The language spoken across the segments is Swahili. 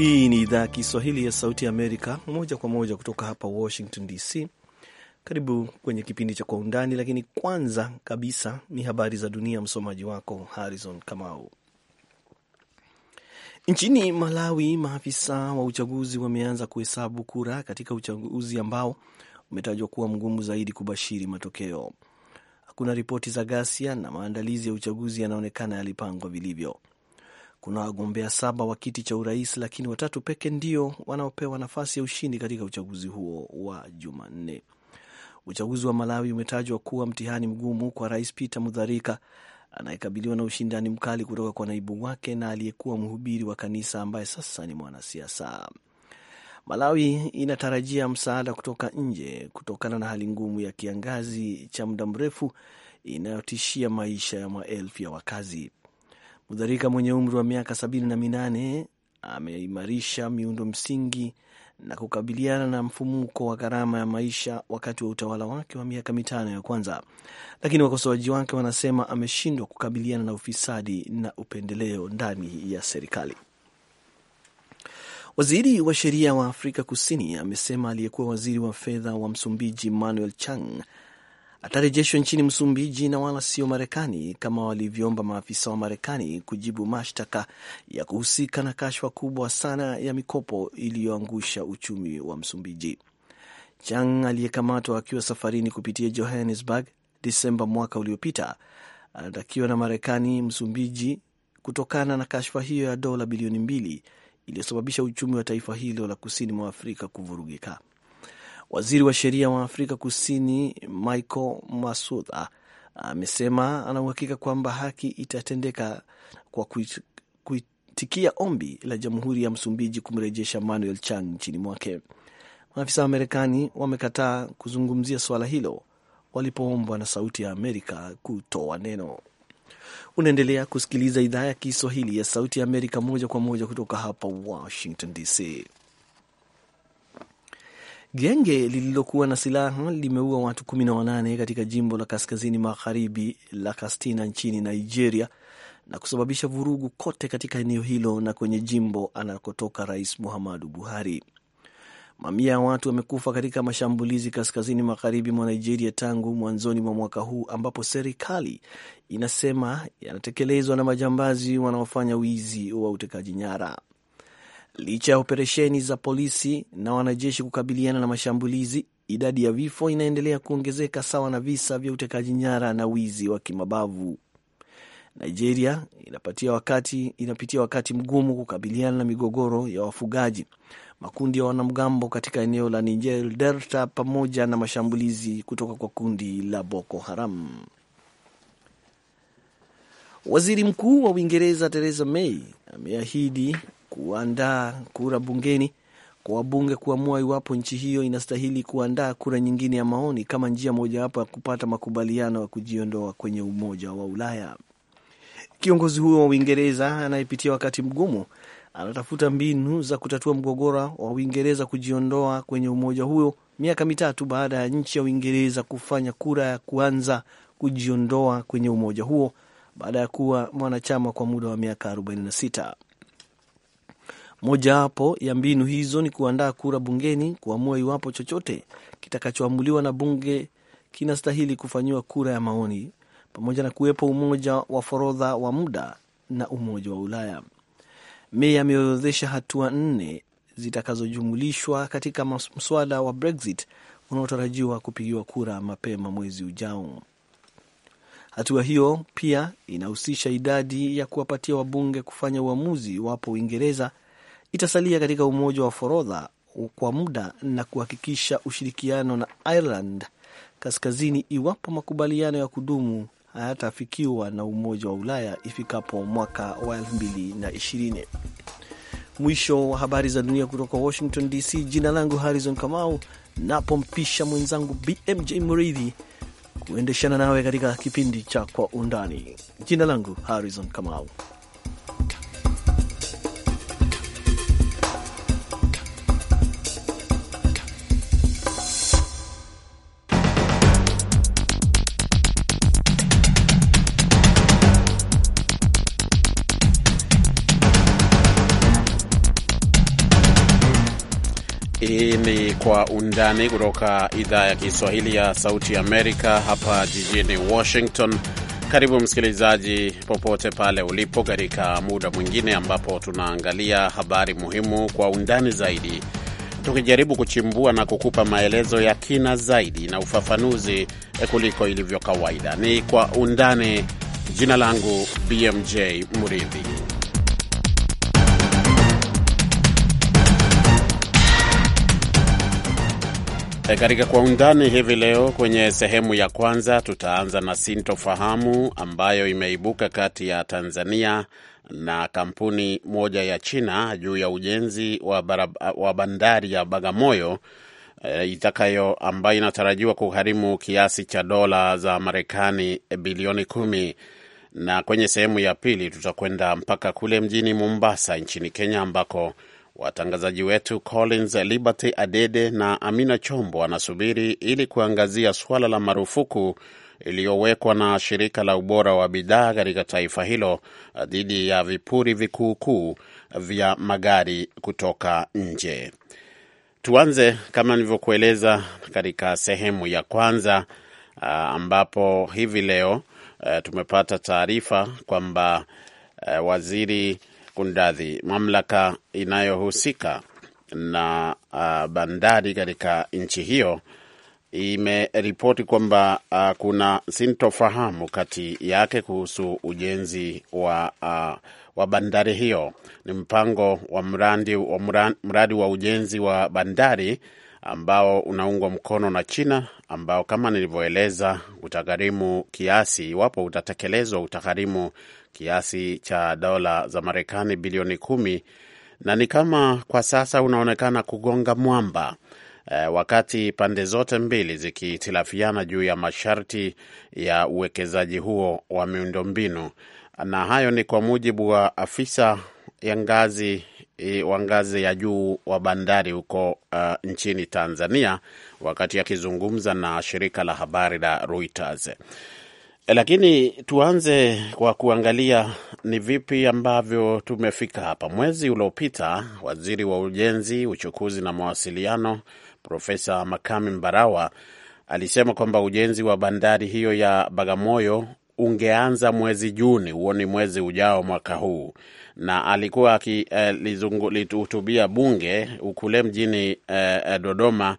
Hii ni idhaa ya Kiswahili ya Sauti ya Amerika, moja kwa moja kutoka hapa Washington DC. Karibu kwenye kipindi cha Kwa Undani, lakini kwanza kabisa ni habari za dunia. Msomaji wako Harrison Kamau. Nchini Malawi, maafisa wa uchaguzi wameanza kuhesabu kura katika uchaguzi ambao umetajwa kuwa mgumu zaidi kubashiri matokeo. Hakuna ripoti za ghasia na maandalizi ya uchaguzi yanaonekana yalipangwa vilivyo. Kuna wagombea saba wa kiti cha urais, lakini watatu pekee ndio wanaopewa nafasi ya ushindi katika uchaguzi huo wa Jumanne. Uchaguzi wa Malawi umetajwa kuwa mtihani mgumu kwa Rais Peter Mutharika anayekabiliwa na ushindani mkali kutoka kwa naibu wake na aliyekuwa mhubiri wa kanisa ambaye sasa ni mwanasiasa. Malawi inatarajia msaada kutoka nje kutokana na hali ngumu ya kiangazi cha muda mrefu inayotishia maisha ya maelfu ya wakazi. Mudharika mwenye umri wa miaka sabini na minane ameimarisha miundo msingi na kukabiliana na mfumuko wa gharama ya maisha wakati wa utawala wake wa miaka mitano ya kwanza, lakini wakosoaji wake wanasema ameshindwa kukabiliana na ufisadi na upendeleo ndani ya serikali. Waziri wa sheria wa Afrika Kusini amesema aliyekuwa waziri wa fedha wa Msumbiji Manuel Chang atarejeshwa nchini Msumbiji na wala sio Marekani kama walivyoomba maafisa wa Marekani kujibu mashtaka ya kuhusika na kashfa kubwa sana ya mikopo iliyoangusha uchumi wa Msumbiji. Chang aliyekamatwa akiwa safarini kupitia Johannesburg Desemba mwaka uliopita anatakiwa na Marekani Msumbiji kutokana na kashfa hiyo ya dola bilioni mbili iliyosababisha uchumi wa taifa hilo la kusini mwa Afrika kuvurugika. Waziri wa sheria wa Afrika Kusini Michael Masuda ah, amesema ana uhakika kwamba haki itatendeka kwa kuitikia ombi la jamhuri ya Msumbiji kumrejesha Manuel Chang nchini mwake. Maafisa wa Marekani wamekataa kuzungumzia suala hilo walipoombwa na Sauti ya Amerika kutoa neno. Unaendelea kusikiliza idhaa ya Kiswahili ya Sauti ya Amerika moja kwa moja kutoka hapa Washington DC. Genge lililokuwa na silaha limeua watu wanane katika jimbo la kaskazini magharibi la Kastina nchini Nigeria na kusababisha vurugu kote katika eneo hilo na kwenye jimbo anakotoka Rais Muhammadu Buhari. Mamia ya watu wamekufa katika mashambulizi kaskazini magharibi mwa Nigeria tangu mwanzoni mwa mwaka huu, ambapo serikali inasema yanatekelezwa na majambazi wanaofanya wizi wa utekaji nyara. Licha ya operesheni za polisi na wanajeshi kukabiliana na mashambulizi, idadi ya vifo inaendelea kuongezeka sawa na visa vya utekaji nyara na wizi wa kimabavu. Nigeria inapatia wakati, inapitia wakati mgumu kukabiliana na migogoro ya wafugaji, makundi ya wanamgambo katika eneo la Niger Delta pamoja na mashambulizi kutoka kwa kundi la Boko Haram. Waziri Mkuu wa Uingereza Theresa May ameahidi kuandaa kura bungeni kwa wabunge kuamua iwapo nchi hiyo inastahili kuandaa kura nyingine ya maoni kama njia mojawapo ya kupata makubaliano ya kujiondoa kwenye Umoja wa Ulaya. Kiongozi huyo wa Uingereza anayepitia wakati mgumu anatafuta mbinu za kutatua mgogoro wa Uingereza kujiondoa kwenye umoja huo miaka mitatu baada ya nchi ya Uingereza kufanya kura ya kuanza kujiondoa kwenye umoja huo baada ya kuwa mwanachama kwa muda wa miaka 46. Mojawapo ya mbinu hizo ni kuandaa kura bungeni kuamua iwapo chochote kitakachoamuliwa na bunge kinastahili kufanyiwa kura ya maoni, pamoja na kuwepo umoja wa forodha wa muda na Umoja wa Ulaya. May ameorodhesha hatua nne zitakazojumulishwa katika mswada wa Brexit unaotarajiwa kupigiwa kura mapema mwezi ujao. Hatua hiyo pia inahusisha idadi ya kuwapatia wabunge kufanya uamuzi iwapo Uingereza itasalia katika umoja wa forodha kwa muda na kuhakikisha ushirikiano na Ireland Kaskazini iwapo makubaliano ya kudumu hayatafikiwa na Umoja wa Ulaya ifikapo mwaka wa 2020. Mwisho wa habari za dunia kutoka Washington DC. Jina langu Harrison Kamau, napompisha mwenzangu BMJ Mridhi kuendeshana nawe katika kipindi cha Kwa Undani. Jina langu Harrison Kamau. Kwa Undani kutoka idhaa ya Kiswahili ya Sauti Amerika hapa jijini Washington. Karibu msikilizaji, popote pale ulipo, katika muda mwingine ambapo tunaangalia habari muhimu kwa undani zaidi, tukijaribu kuchimbua na kukupa maelezo ya kina zaidi na ufafanuzi eh, kuliko ilivyo kawaida. Ni Kwa Undani. Jina langu BMJ Muridhi. E, katika kwa undani hivi leo kwenye sehemu ya kwanza tutaanza na sintofahamu ambayo imeibuka kati ya Tanzania na kampuni moja ya China juu ya ujenzi wa, barab wa bandari ya Bagamoyo e, itakayo ambayo inatarajiwa kugharimu kiasi cha dola za Marekani eh, bilioni kumi na kwenye sehemu ya pili tutakwenda mpaka kule mjini Mombasa nchini Kenya ambako Watangazaji wetu Collins Liberty Adede na Amina Chombo wanasubiri ili kuangazia suala la marufuku iliyowekwa na shirika la ubora wa bidhaa katika taifa hilo dhidi ya vipuri vikuukuu vya magari kutoka nje. Tuanze kama nilivyokueleza katika sehemu ya kwanza, uh, ambapo hivi leo uh, tumepata taarifa kwamba uh, waziri kundadhi mamlaka inayohusika na uh, bandari katika nchi hiyo imeripoti kwamba uh, kuna sintofahamu kati yake kuhusu ujenzi wa, uh, wa bandari hiyo. Ni mpango wa mradi wa, mradi wa ujenzi wa bandari ambao unaungwa mkono na China ambao kama nilivyoeleza utagharimu kiasi, iwapo utatekelezwa, utagharimu kiasi cha dola za Marekani bilioni kumi na ni kama kwa sasa unaonekana kugonga mwamba e, wakati pande zote mbili zikihitilafiana juu ya masharti ya uwekezaji huo wa miundombinu, na hayo ni kwa mujibu wa afisa ya ngazi e, wa ngazi ya juu wa bandari huko uh, nchini Tanzania wakati akizungumza na shirika la habari la Reuters. Lakini tuanze kwa kuangalia ni vipi ambavyo tumefika hapa. Mwezi uliopita, waziri wa ujenzi, uchukuzi na mawasiliano Profesa makami Mbarawa alisema kwamba ujenzi wa bandari hiyo ya Bagamoyo ungeanza mwezi Juni, huo ni mwezi ujao mwaka huu, na alikuwa akilihutubia eh, bunge ukule mjini eh, eh Dodoma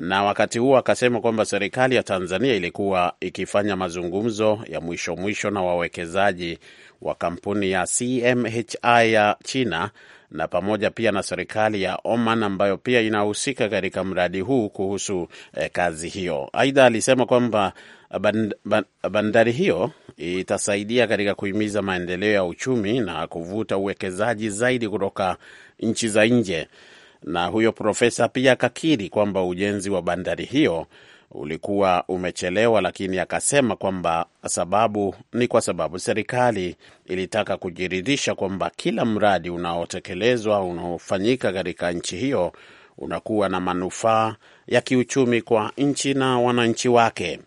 na wakati huo akasema kwamba serikali ya Tanzania ilikuwa ikifanya mazungumzo ya mwisho mwisho na wawekezaji wa kampuni ya CMHI ya China na pamoja pia na serikali ya Oman ambayo pia inahusika katika mradi huu kuhusu eh, kazi hiyo. Aidha alisema kwamba band, band, bandari hiyo itasaidia katika kuhimiza maendeleo ya uchumi na kuvuta uwekezaji zaidi kutoka nchi za nje na huyo profesa pia akakiri kwamba ujenzi wa bandari hiyo ulikuwa umechelewa, lakini akasema kwamba sababu ni kwa sababu serikali ilitaka kujiridhisha kwamba kila mradi unaotekelezwa unaofanyika katika nchi hiyo unakuwa na manufaa ya kiuchumi kwa nchi na wananchi wake.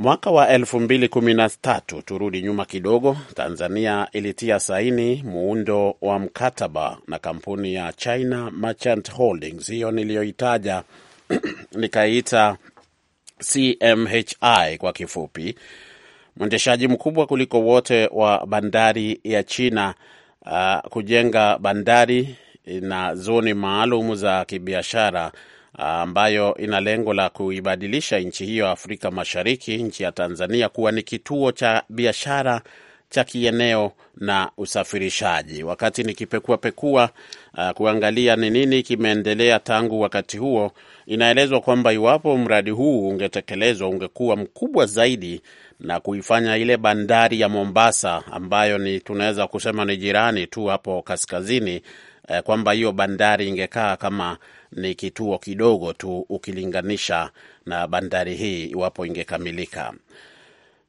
Mwaka wa 2013 turudi nyuma kidogo, Tanzania ilitia saini muundo wa mkataba na kampuni ya China Merchant Holdings, hiyo niliyoitaja nikaiita CMHI kwa kifupi, mwendeshaji mkubwa kuliko wote wa bandari ya China, uh, kujenga bandari na zoni maalum za kibiashara ambayo ina lengo la kuibadilisha nchi hiyo ya Afrika Mashariki, nchi ya Tanzania, kuwa ni kituo cha biashara cha kieneo na usafirishaji. Wakati nikipekuapekua uh, kuangalia ni nini kimeendelea tangu wakati huo, inaelezwa kwamba iwapo mradi huu ungetekelezwa ungekuwa mkubwa zaidi na kuifanya ile bandari ya Mombasa ambayo ni tunaweza kusema ni jirani tu hapo kaskazini eh, kwamba hiyo bandari ingekaa kama ni kituo kidogo tu ukilinganisha na bandari hii iwapo ingekamilika.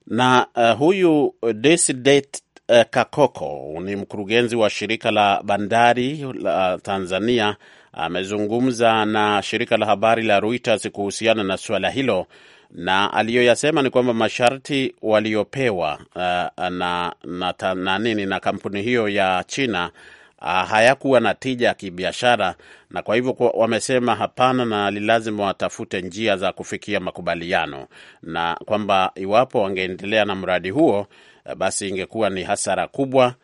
Na uh, huyu Desidate uh, eh, Kakoko ni mkurugenzi wa shirika la bandari la Tanzania amezungumza na shirika la habari la Reuters kuhusiana na suala hilo, na aliyoyasema ni kwamba masharti waliopewa uh, na, na, na, na, nini na kampuni hiyo ya China Ah, hayakuwa na tija ya kibiashara, na kwa hivyo wamesema hapana, na lazima watafute njia za kufikia makubaliano, na kwamba iwapo wangeendelea na mradi huo eh, basi ingekuwa ni hasara kubwa,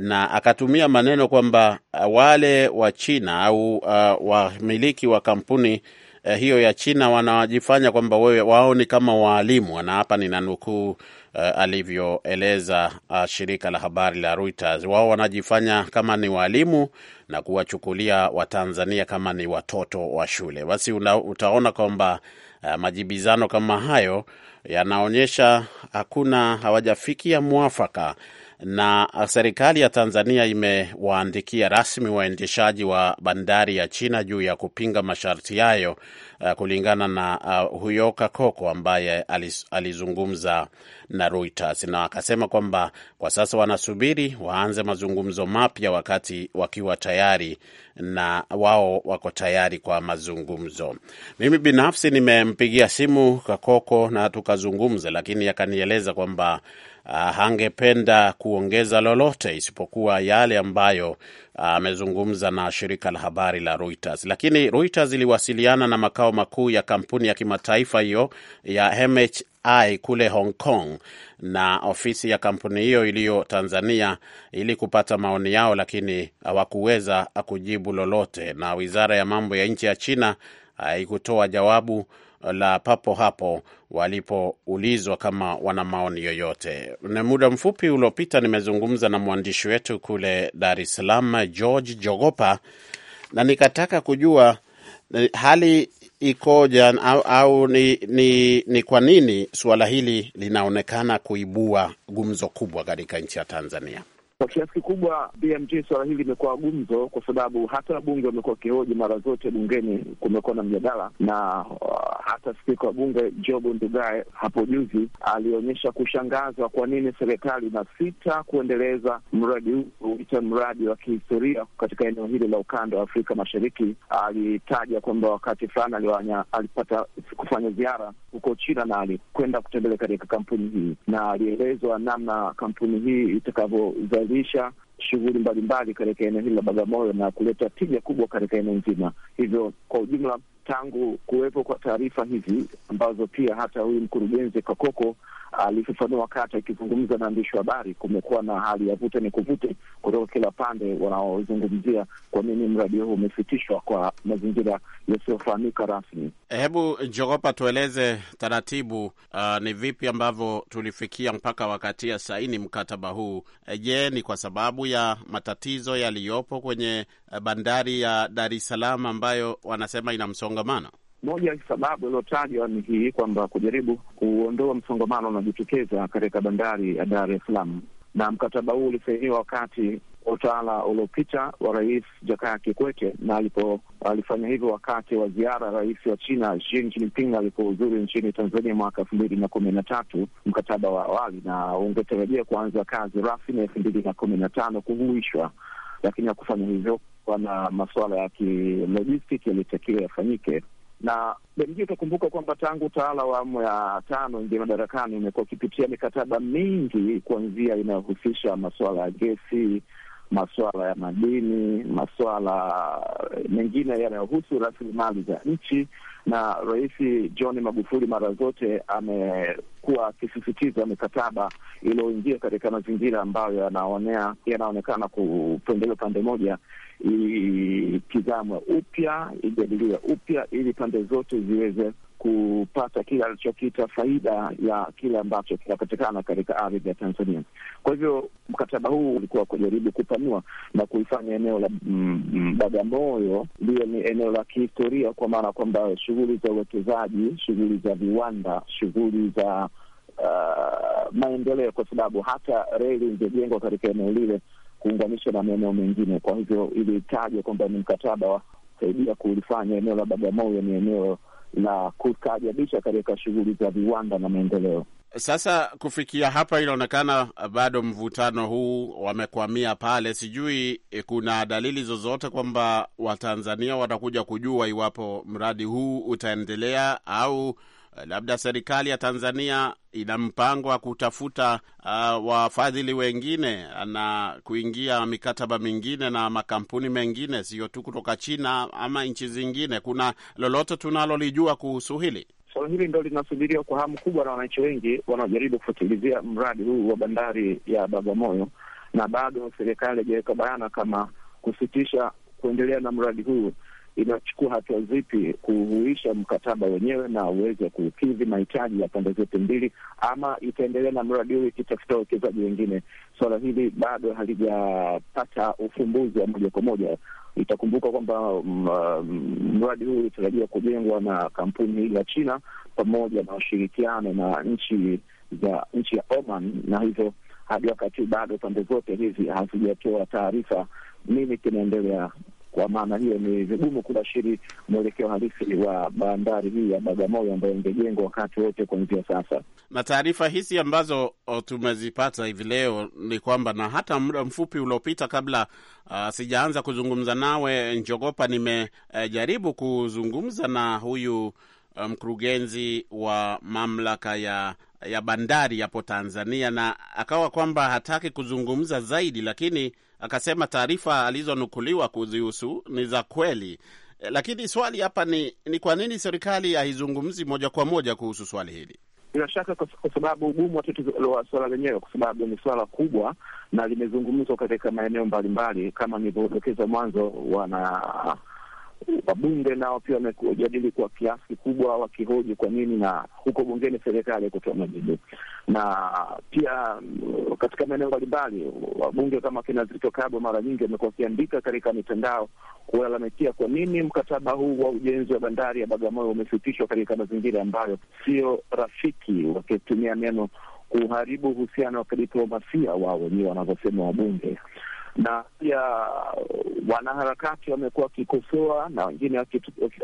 na akatumia maneno kwamba eh, wale wa China au uh, wamiliki wa kampuni uh, hiyo ya China wanajifanya kwamba wewe wao ni kama waalimu, na hapa ninanukuu uh, alivyoeleza uh, shirika la habari la Reuters. Wao wanajifanya kama ni walimu na kuwachukulia Watanzania kama ni watoto wa shule. Basi una, utaona kwamba uh, majibizano kama hayo yanaonyesha hakuna, hawajafikia mwafaka na serikali ya Tanzania imewaandikia rasmi waendeshaji wa bandari ya China juu ya kupinga masharti yayo, kulingana na huyo Kakoko ambaye alizungumza na Reuters, na akasema kwamba kwa sasa wanasubiri waanze mazungumzo mapya wakati wakiwa tayari na wao wako tayari kwa mazungumzo. Mimi binafsi nimempigia simu Kakoko na tukazungumza, lakini akanieleza kwamba ah, hangependa kuongeza lolote isipokuwa yale ambayo ah, amezungumza na shirika la habari la Reuters. Lakini Reuters iliwasiliana na makao makuu ya kampuni ya kimataifa hiyo ya BBI kule Hong Kong na ofisi ya kampuni hiyo iliyo Tanzania ili kupata maoni yao, lakini hawakuweza kujibu lolote, na wizara ya mambo ya nchi ya China haikutoa jawabu la papo hapo walipoulizwa kama wana maoni yoyote. Na muda mfupi uliopita nimezungumza na mwandishi wetu kule Dar es Salaam, George Jogopa, na nikataka kujua eh, hali ikoja au, au ni, ni, ni kwa nini suala hili linaonekana kuibua gumzo kubwa katika nchi ya Tanzania? Kwa kiasi kikubwa BMG, suala hili limekuwa gumzo kwa sababu hata wabunge wamekuwa wakihoji mara zote bungeni, kumekuwa na mjadala na hata spika wa bunge Jobo Ndugai hapo juzi alionyesha kushangazwa kwa nini serikali inasita kuendeleza mradi huu huita mradi wa kihistoria katika eneo hili la ukanda wa Afrika Mashariki. Alitaja kwamba wakati fulani alipata kufanya ziara huko China na alikwenda kutembelea katika kampuni hii na alielezwa namna kampuni hii itakavyozalisha shughuli mbalimbali katika eneo hili la Bagamoyo na kuleta tija kubwa katika eneo nzima. Hivyo kwa ujumla tangu kuwepo kwa taarifa hizi ambazo pia hata huyu mkurugenzi Kakoko alifafanua wakati akizungumza na waandishi wa habari, kumekuwa na hali ya vute ni kuvute kutoka kila pande wanaozungumzia kwa nini mradi huu umesitishwa kwa mazingira yasiyofahamika rasmi. Hebu Jogopa, tueleze taratibu, uh, ni vipi ambavyo tulifikia mpaka wakati ya saini mkataba huu? Je, ni kwa sababu ya matatizo yaliyopo kwenye Eh, bandari ya Dar es Salaam ambayo wanasema ina msongamano? Moja ya sababu iliyotajwa ni hii kwamba kujaribu kuondoa msongamano unajitokeza katika bandari ya Dar es Salaam, na mkataba huu ulisainiwa wakati wa utawala uliopita wa Rais Jakaya Kikwete, na alipo alifanya hivyo wakati wa ziara rais wa China Xi Jinping nchini Tanzania mwaka elfu mbili na kumi na tatu, mkataba wa awali na ungetarajia kuanza kazi rasmi elfu mbili na kumi na tano kuhuishwa, lakini hakufanya hivyo na masuala ya kilojistiki yalitakiwa yafanyike na Benji, utakumbuka kwamba tangu utawala wa awamu ya tano ingia madarakani umekuwa ukipitia mikataba mingi, kuanzia inayohusisha masuala ya gesi, masuala ya madini, masuala mengine yanayohusu rasilimali za nchi na Rais John Magufuli mara zote amekuwa akisisitiza mikataba iliyoingia katika mazingira ambayo yanaonea yanaonekana kupendelea pande moja itizamwe upya, ijadiliwe upya ili pande zote ziweze kupata kile alichokiita faida ya kile ambacho kinapatikana katika ardhi ya Tanzania. Kwa hivyo mkataba huu ulikuwa kujaribu kupanua na kuifanya eneo la mm, Bagamoyo liwe ni eneo la kihistoria, kwa maana kwamba shughuli za uwekezaji, shughuli za viwanda, shughuli za uh, maendeleo, kwa sababu hata reli ingejengwa katika eneo lile kuunganishwa na maeneo mengine. Kwa hivyo ilitajwa kwamba ni mkataba wa kusaidia kulifanya eneo la Bagamoyo ni eneo na kustaajabisha katika shughuli za viwanda na maendeleo. Sasa kufikia hapa, inaonekana bado mvutano huu wamekwamia pale. Sijui eh, kuna dalili zozote kwamba Watanzania watakuja kujua iwapo mradi huu utaendelea au Eh, labda serikali ya Tanzania ina mpango wa kutafuta uh, wafadhili wengine na kuingia mikataba mingine na makampuni mengine, sio tu kutoka China ama nchi zingine. Kuna lolote tunalolijua kuhusu hili? Swala hili ndo linasubiriwa kwa hamu kubwa na wananchi wengi wanaojaribu kufutilizia mradi huu wa bandari ya Bagamoyo, na bado serikali haijaweka bayana kama kusitisha kuendelea na mradi huu inachukua hatua zipi kuhuisha mkataba wenyewe na uweze kukidhi mahitaji ya pande zote mbili, ama itaendelea na mradi huu ikitafuta wawekezaji wengine? Suala so, hili bado halijapata ufumbuzi wa moja kwa moja. Itakumbuka kwamba mm, mm, mradi huu ulitarajiwa kujengwa na kampuni hii ya China pamoja na ushirikiano na nchi za nchi ya Oman, na hivyo hadi wakati bado pande zote hizi hazijatoa taarifa nini kinaendelea kwa maana hiyo, ni vigumu kubashiri mwelekeo halisi wa bandari hii ya Bagamoyo ambayo ingejengwa wakati wote kuanzia sasa. Na taarifa hizi ambazo oh, tumezipata hivi leo ni kwamba, na hata muda mfupi uliopita kabla uh, sijaanza kuzungumza nawe Njogopa, nimejaribu uh, kuzungumza na huyu eh, mkurugenzi um, wa mamlaka ya ya bandari hapo Tanzania, na akawa kwamba hataki kuzungumza zaidi, lakini akasema taarifa alizonukuliwa kuzihusu ni za kweli. Eh, lakini swali hapa ni ni kwa nini serikali haizungumzi moja kwa moja kuhusu swali hili? Bila shaka kwa sababu ugumu wa tatizo wa swala lenyewe, kwa sababu ni swala kubwa na limezungumzwa katika maeneo mbalimbali, kama nilivyodokeza mwanzo, wana Wabunge nao pia wamejadili kwa kiasi kikubwa, wakihoji kwa nini na huko bungeni serikali kutoa majibu. Na pia mm, katika maeneo mbalimbali, wabunge kama kina Zitto Kabwe mara nyingi wamekuwa wakiandika katika mitandao kulalamikia kwa nini mkataba huu wa ujenzi wa bandari ya Bagamoyo umesitishwa katika mazingira ambayo sio rafiki, wakitumia neno kuharibu uhusiano wa kidiplomasia wao wenyewe wanavyosema wabunge na pia wanaharakati wamekuwa wakikosoa na wengine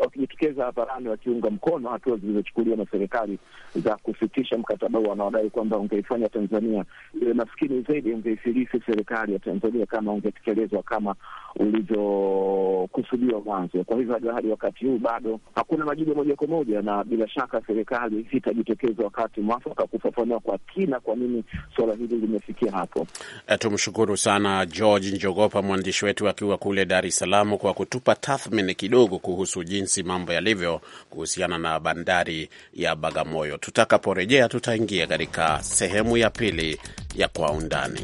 wakijitokeza hadharani wakiunga mkono hatua zilizochukuliwa na serikali za kusitisha mkataba huu, wanaodai kwamba ungeifanya Tanzania iwe maskini zaidi, ungeifilisi serikali ya Tanzania kama ungetekelezwa kama ulivyokusudiwa mwanzo. Kwa hivyo hadi wakati huu bado hakuna majibu moja kwa moja, na bila shaka serikali itajitokeza wakati mwafaka kufafanua kwa kina kwa nini suala hili limefikia hapo. Eh, tumshukuru sana George George Njogopa, mwandishi wetu akiwa kule Dar es Salaam, kwa kutupa tathmini kidogo kuhusu jinsi mambo yalivyo kuhusiana na bandari ya Bagamoyo. Tutakaporejea, tutaingia katika sehemu ya pili ya Kwa Undani.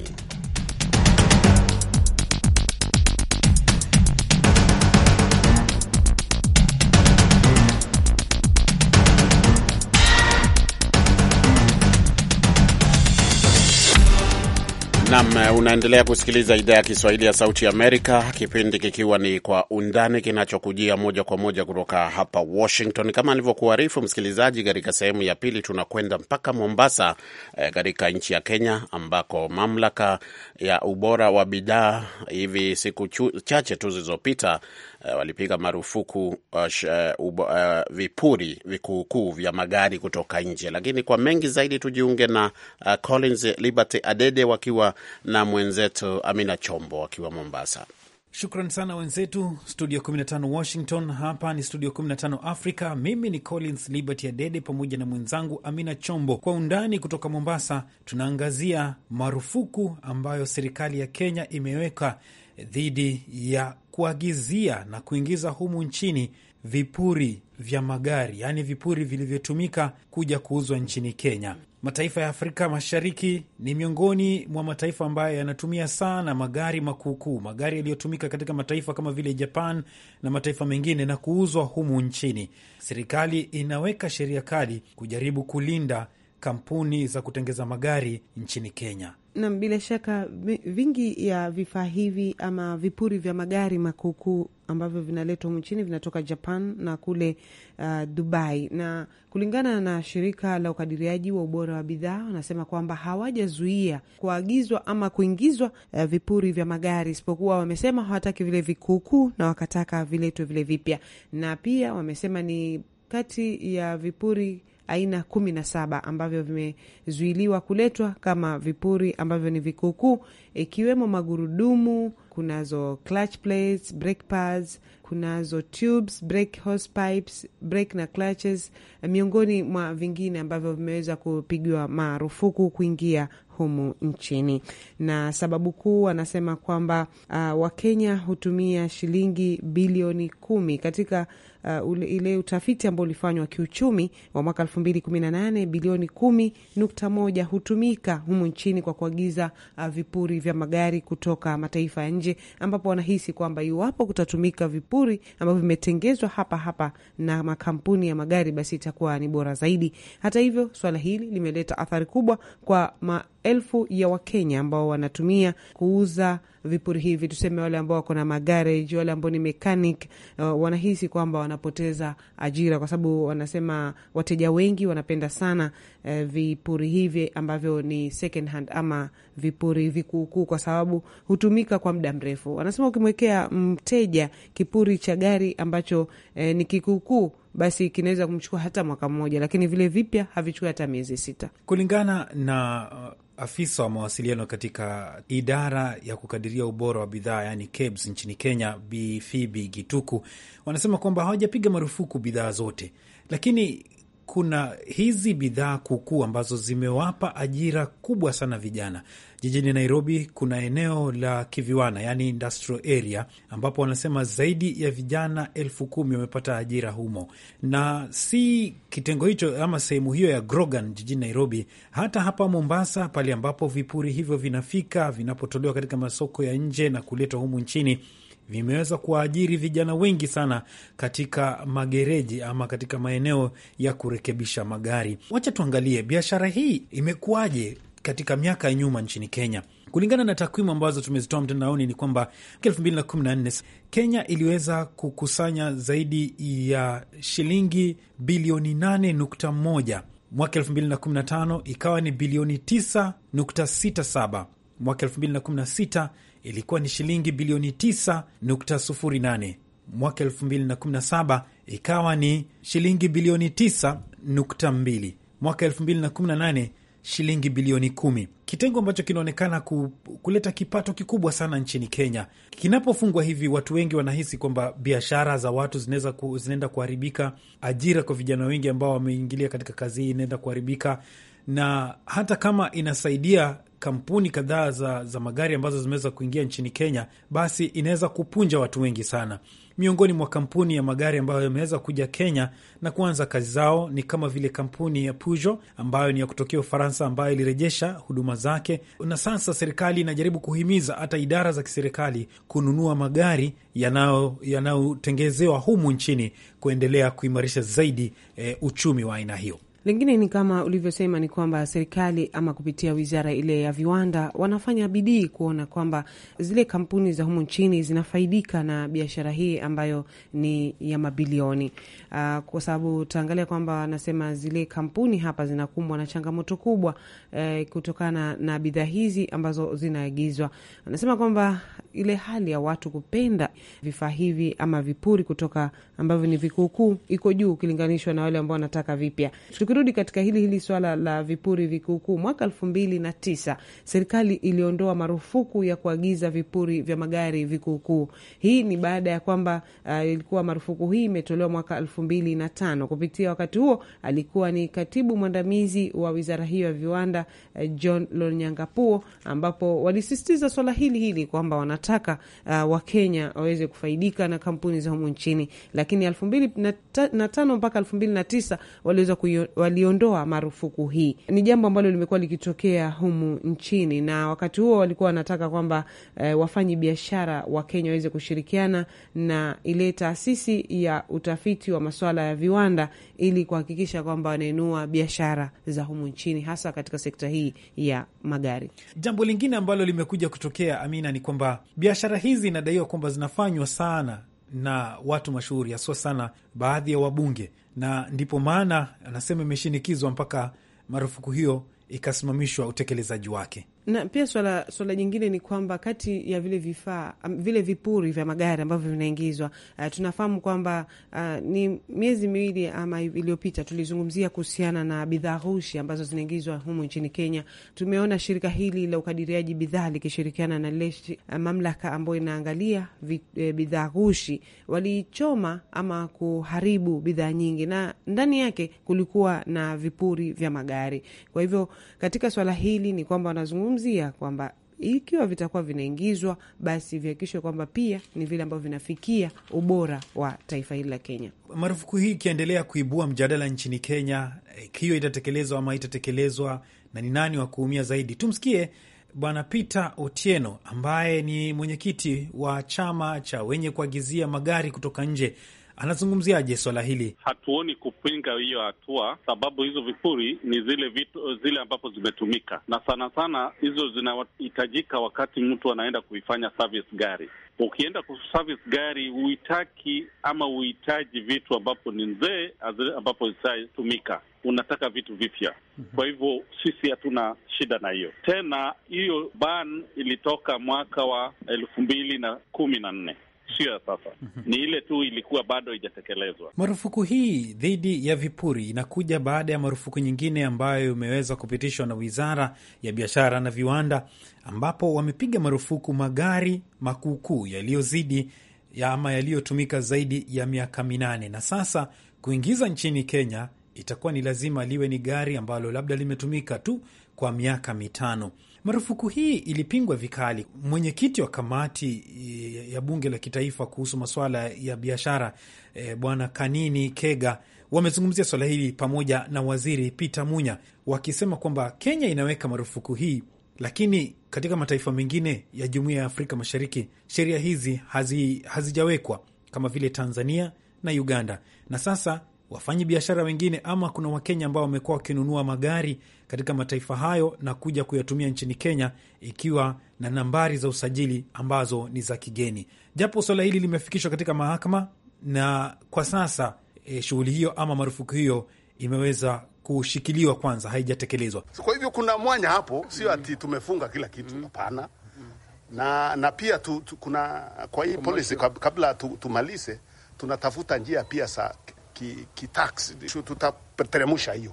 unaendelea kusikiliza idhaa ya Kiswahili ya Sauti ya Amerika, kipindi kikiwa ni Kwa Undani, kinachokujia moja kwa moja kutoka hapa Washington. Kama nilivyokuarifu msikilizaji, katika sehemu ya pili tunakwenda mpaka Mombasa eh, katika nchi ya Kenya ambako mamlaka ya ubora wa bidhaa hivi siku chache tu zilizopita Eh, walipiga marufuku uh, uh, uh, vipuri vikuukuu vya magari kutoka nje. Lakini kwa mengi zaidi tujiunge na uh, Collins Liberty Adede wakiwa na mwenzetu Amina Chombo wakiwa Mombasa. Shukran sana wenzetu studio 15 Washington. Hapa ni studio 15 Africa. Mimi ni Collins Liberty Adede pamoja na mwenzangu Amina Chombo. Kwa undani kutoka Mombasa, tunaangazia marufuku ambayo serikali ya Kenya imeweka dhidi ya kuagizia na kuingiza humu nchini vipuri vya magari, yaani vipuri vilivyotumika kuja kuuzwa nchini Kenya. Mataifa ya Afrika Mashariki ni miongoni mwa mataifa ambayo yanatumia sana magari makuukuu, magari yaliyotumika katika mataifa kama vile Japan na mataifa mengine na kuuzwa humu nchini. Serikali inaweka sheria kali kujaribu kulinda kampuni za kutengeza magari nchini Kenya. Nam, bila shaka vingi ya vifaa hivi ama vipuri vya magari makuukuu ambavyo vinaletwa humu nchini vinatoka Japan na kule uh, Dubai. Na kulingana na shirika la ukadiriaji wa ubora wa bidhaa, wanasema kwamba hawajazuia kuagizwa ama kuingizwa uh, vipuri vya magari, isipokuwa wamesema hawataki vile vikuukuu na wakataka viletwe vile vipya, na pia wamesema ni kati ya vipuri aina kumi na saba ambavyo vimezuiliwa kuletwa kama vipuri ambavyo ni vikuukuu, ikiwemo magurudumu, kunazo clutch plates, brake pads, kunazo tubes, brake hose pipes, brake na clutches, miongoni mwa vingine ambavyo vimeweza kupigiwa marufuku kuingia humu nchini. Na sababu kuu wanasema kwamba uh, Wakenya hutumia shilingi bilioni kumi katika uh, ile utafiti ambao ulifanywa wa kiuchumi wa mwaka elfu mbili kumi na nane bilioni kumi nukta moja hutumika humu nchini kwa kuagiza uh, vipuri vya magari kutoka mataifa ya nje, ambapo wanahisi kwamba iwapo kutatumika vipuri ambavyo vimetengezwa hapa hapa na makampuni ya magari, basi itakuwa ni bora zaidi. Hata hivyo, swala hili limeleta athari kubwa kwa ma maelfu ya Wakenya ambao wanatumia kuuza vipuri hivi. Tuseme wale ambao wako na magareji, wale ambao ni mekanik, uh, wanahisi kwamba wanapoteza ajira, kwa sababu wanasema wateja wengi wanapenda sana uh, vipuri hivi ambavyo ni second hand ama vipuri vikuukuu, kwa sababu hutumika kwa muda mrefu. Wanasema ukimwekea mteja kipuri cha gari ambacho uh, ni kikuukuu basi kinaweza kumchukua hata mwaka mmoja, lakini vile vipya havichukui hata miezi sita, kulingana na uh, afisa wa mawasiliano katika idara ya kukadiria ubora wa bidhaa yani KEBS nchini Kenya, Bi Gituku, wanasema kwamba hawajapiga marufuku bidhaa zote, lakini kuna hizi bidhaa kuukuu ambazo zimewapa ajira kubwa sana vijana, jijini Nairobi kuna eneo la kiviwanda, yani industrial area, ambapo wanasema zaidi ya vijana elfu kumi wamepata ajira humo, na si kitengo hicho ama sehemu hiyo ya Grogan jijini Nairobi, hata hapa Mombasa, pale ambapo vipuri hivyo vinafika vinapotolewa katika masoko ya nje na kuletwa humu nchini vimeweza kuwaajiri vijana wengi sana katika magereji ama katika maeneo ya kurekebisha magari. Wacha tuangalie biashara hii imekuwaje katika miaka ya nyuma nchini Kenya. Kulingana na takwimu ambazo tumezitoa mtandaoni ni kwamba mwaka elfu mbili na kumi na nne Kenya iliweza kukusanya zaidi ya shilingi bilioni nane nukta moja mwaka elfu mbili na kumi na tano ikawa ni bilioni tisa nukta sita saba mwaka elfu mbili na kumi na sita ilikuwa ni shilingi bilioni tisa nukta sufuri nane mwaka elfu mbili na kumi na saba ikawa ni shilingi bilioni tisa nukta mbili mwaka elfu mbili na kumi na nane shilingi bilioni kumi, kitengo ambacho kinaonekana ku, kuleta kipato kikubwa sana nchini Kenya. Kinapofungwa hivi, watu wengi wanahisi kwamba biashara za watu zinaweza ku, zinaenda kuharibika, ajira kwa vijana wengi ambao wameingilia katika kazi hii inaenda kuharibika, na hata kama inasaidia kampuni kadhaa za, za magari ambazo zimeweza kuingia nchini Kenya, basi inaweza kupunja watu wengi sana. Miongoni mwa kampuni ya magari ambayo yameweza kuja Kenya na kuanza kazi zao ni kama vile kampuni ya Peugeot ambayo ni ya kutokea Ufaransa, ambayo ilirejesha huduma zake, na sasa serikali inajaribu kuhimiza hata idara za kiserikali kununua magari yanayotengezewa humu nchini kuendelea kuimarisha zaidi e, uchumi wa aina hiyo. Lingine ni kama ulivyosema, ni kwamba serikali ama kupitia wizara ile ya viwanda wanafanya bidii kuona kwamba zile kampuni za humu nchini zinafaidika na biashara hii ambayo ni ya mabilioni. Uh, kwa sababu utaangalia kwamba wanasema zile kampuni hapa zinakumbwa na changamoto kubwa eh, kutokana na bidhaa hizi ambazo zinaagizwa. Anasema kwamba ile hali ya watu kupenda vifaa hivi ama vipuri kutoka ambavyo ni vikuukuu iko juu ukilinganishwa na wale ambao wanataka vipya. Tukirudi katika hili hili swala la vipuri vikuukuu, mwaka elfu mbili na tisa serikali iliondoa marufuku ya kuagiza vipuri vya magari vikuukuu. Hii ni baada ya kwamba uh, ilikuwa marufuku hii imetolewa mwaka elfu mbili na tano kupitia wakati huo alikuwa ni katibu mwandamizi wa wizara hiyo ya viwanda uh, John Lonyangapuo, ambapo walisisitiza swala hili hili kwamba wanataka uh, Wakenya waweze kufaidika na kampuni za humu nchini, lakini elfu mbili na tano mpaka elfu mbili na tisa waliweza waliondoa marufuku hii. Ni jambo ambalo limekuwa likitokea humu nchini, na wakati huo walikuwa wanataka kwamba e, wafanyi biashara wa Kenya waweze kushirikiana na ile taasisi ya utafiti wa masuala ya viwanda ili kuhakikisha kwamba wanainua biashara za humu nchini, hasa katika sekta hii ya magari. Jambo lingine ambalo limekuja kutokea, Amina, ni kwamba biashara hizi inadaiwa kwamba zinafanywa sana na watu mashuhuri haswa sana baadhi ya wabunge, na ndipo maana anasema imeshinikizwa mpaka marufuku hiyo ikasimamishwa utekelezaji wake na pia swala, swala jingine ni kwamba kati ya vile vifaa um, vile vipuri vya magari ambavyo vinaingizwa uh, tunafahamu kwamba uh, ni miezi miwili ama iliyopita tulizungumzia kuhusiana na bidhaa ghushi ambazo zinaingizwa humu nchini Kenya. Tumeona shirika hili la ukadiriaji bidhaa likishirikiana na lile uh, mamlaka ambayo inaangalia eh, bidhaa ghushi walichoma ama kuharibu bidhaa nyingi, na ndani yake kulikuwa na vipuri vya magari. Kwa hivyo katika swala hili ni kwamba wanazungumza amezungumzia kwamba ikiwa vitakuwa vinaingizwa basi vihakikishwe kwamba pia ni vile ambavyo vinafikia ubora wa taifa hili la Kenya. Marufuku hii ikiendelea kuibua mjadala nchini Kenya, eh, ikiwa itatekelezwa ama itatekelezwa na ni nani wa kuumia zaidi. Tumsikie Bwana Peter Otieno ambaye ni mwenyekiti wa chama cha wenye kuagizia magari kutoka nje Anazungumziaje swala hili? Hatuoni kupinga hiyo hatua, sababu hizo vifuri ni zile vitu zile ambapo zimetumika na sana sana hizo zinahitajika wakati mtu anaenda kuifanya service gari. Ukienda kuservice gari huitaki ama huhitaji vitu ambapo ni nzee, ambapo zitatumika unataka vitu vipya. Mhm. Kwa hivyo sisi hatuna shida na hiyo tena. Hiyo ban ilitoka mwaka wa elfu mbili na kumi na nne sio sasa, mhm. ni ile tu ilikuwa bado haijatekelezwa. Marufuku hii dhidi ya vipuri inakuja baada ya marufuku nyingine ambayo imeweza kupitishwa na Wizara ya Biashara na Viwanda, ambapo wamepiga marufuku magari makuukuu yaliyozidi ya ama yaliyotumika zaidi ya miaka minane, na sasa kuingiza nchini Kenya itakuwa ni lazima liwe ni gari ambalo labda limetumika tu kwa miaka mitano. Marufuku hii ilipingwa vikali. Mwenyekiti wa kamati eh, ya bunge la kitaifa kuhusu masuala ya biashara e, bwana Kanini Kega wamezungumzia swala hili pamoja na waziri Peter Munya wakisema kwamba Kenya inaweka marufuku hii, lakini katika mataifa mengine ya jumuiya ya Afrika Mashariki sheria hizi hazi, hazijawekwa kama vile Tanzania na Uganda, na sasa wafanyi biashara wengine ama kuna Wakenya ambao wamekuwa wakinunua magari katika mataifa hayo na kuja kuyatumia nchini Kenya ikiwa na nambari za usajili ambazo ni za kigeni, japo swala hili limefikishwa katika mahakama na kwa sasa e, shughuli hiyo ama marufuku hiyo imeweza kushikiliwa kwanza, haijatekelezwa. Kwa hivyo kuna mwanya hapo, sio ati tumefunga kila kitu, mm. hapana. Na, na pia tu, tu, kuna kwa hii policy kabla tu, tumalize tunatafuta njia pia sa ki, ki tutateremsha hiyo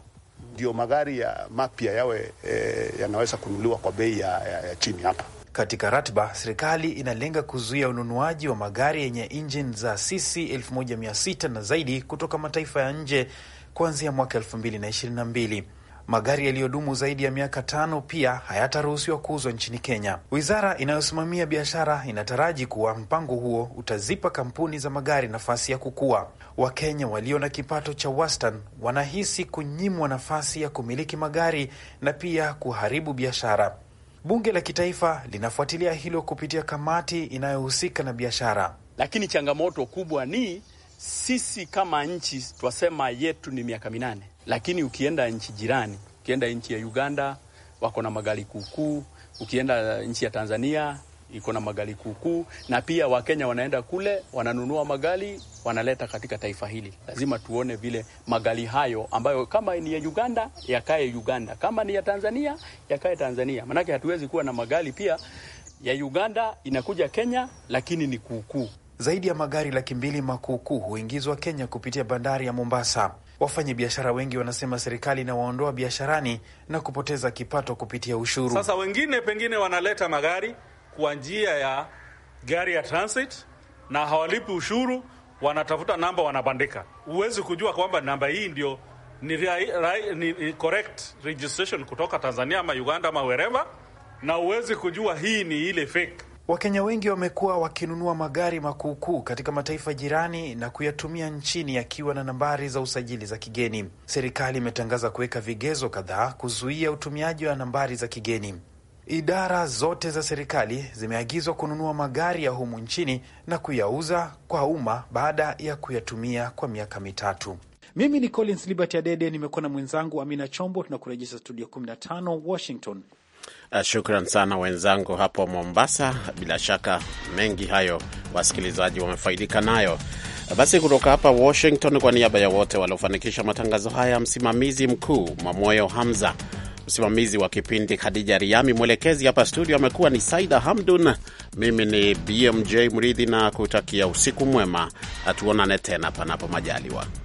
ndio magari ya mapya yawe e, yanaweza kununuliwa kwa bei ya, ya, ya chini hapa. Katika ratiba, serikali inalenga kuzuia ununuaji wa magari yenye injini za sisi 1600 na zaidi kutoka mataifa ya nje kuanzia mwaka 2022 magari yaliyodumu zaidi ya miaka tano pia hayataruhusiwa kuuzwa nchini Kenya. Wizara inayosimamia biashara inataraji kuwa mpango huo utazipa kampuni za magari nafasi ya kukua. Wakenya walio na kipato cha wastani wanahisi kunyimwa nafasi ya kumiliki magari na pia kuharibu biashara. Bunge la kitaifa linafuatilia hilo kupitia kamati inayohusika na biashara, lakini changamoto kubwa ni sisi kama nchi twasema yetu ni miaka minane lakini ukienda nchi jirani, ukienda nchi ya Uganda wako na magari kuukuu, ukienda nchi ya Tanzania iko na magari kuukuu, na pia Wakenya wanaenda kule wananunua magari wanaleta katika taifa hili. Lazima tuone vile magari hayo ambayo kama ni ya Uganda yakae Uganda, kama ni ya Tanzania yakae Tanzania, manake hatuwezi kuwa na magari pia ya Uganda inakuja Kenya lakini ni kuukuu. Zaidi ya magari laki mbili makuukuu huingizwa Kenya kupitia bandari ya Mombasa. Wafanyabiashara wengi wanasema serikali inawaondoa biasharani na kupoteza kipato kupitia ushuru. Sasa wengine pengine wanaleta magari kwa njia ya gari ya transit na hawalipi ushuru, wanatafuta namba wanabandika. Huwezi kujua kwamba namba hii ndio ni, ni, ni correct registration kutoka Tanzania ama Uganda ama wherever, na huwezi kujua hii ni ile fake. Wakenya wengi wamekuwa wakinunua magari makuukuu katika mataifa jirani na kuyatumia nchini yakiwa na nambari za usajili za kigeni. Serikali imetangaza kuweka vigezo kadhaa kuzuia utumiaji wa nambari za kigeni. Idara zote za serikali zimeagizwa kununua magari ya humu nchini na kuyauza kwa umma baada ya kuyatumia kwa miaka mitatu. Mimi ni Collins Liberty Adede, nimekuwa na mwenzangu Amina Chombo, tunakurejesha studio 15 Washington. Uh, shukran sana wenzangu hapo Mombasa. Bila shaka mengi hayo wasikilizaji wamefaidika nayo. Basi kutoka hapa Washington, kwa niaba ya wote waliofanikisha matangazo haya, msimamizi mkuu Mamoyo Hamza, msimamizi wa kipindi Khadija Riami, mwelekezi hapa studio amekuwa ni Saida Hamdun, mimi ni BMJ Mridhi na kutakia usiku mwema, hatuonane tena panapo majaliwa.